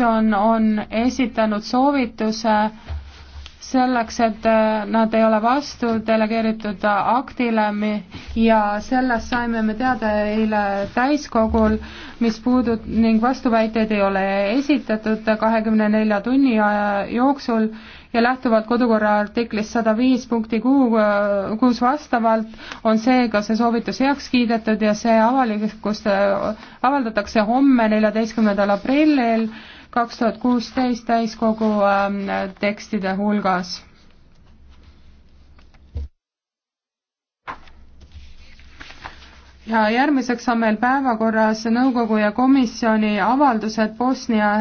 komisjon on esitanud soovituse selleks, et äh, nad ei ole vastu delegeeritud aktile ja sellest saime me teada eile täiskogul, mis puudut- ning vastuväiteid ei ole esitatud kahekümne nelja tunni jooksul ja lähtuvalt kodukorra artiklist sada viis punkti kuu, kuus vastavalt on seega see soovitus heaks kiidetud ja see avalikust avaldatakse homme, neljateistkümnendal aprillil kaks tuhat kuusteist täiskogu ähm, tekstide hulgas. ja järgmiseks on meil päevakorras nõukogu ja komisjoni avaldused Bosnia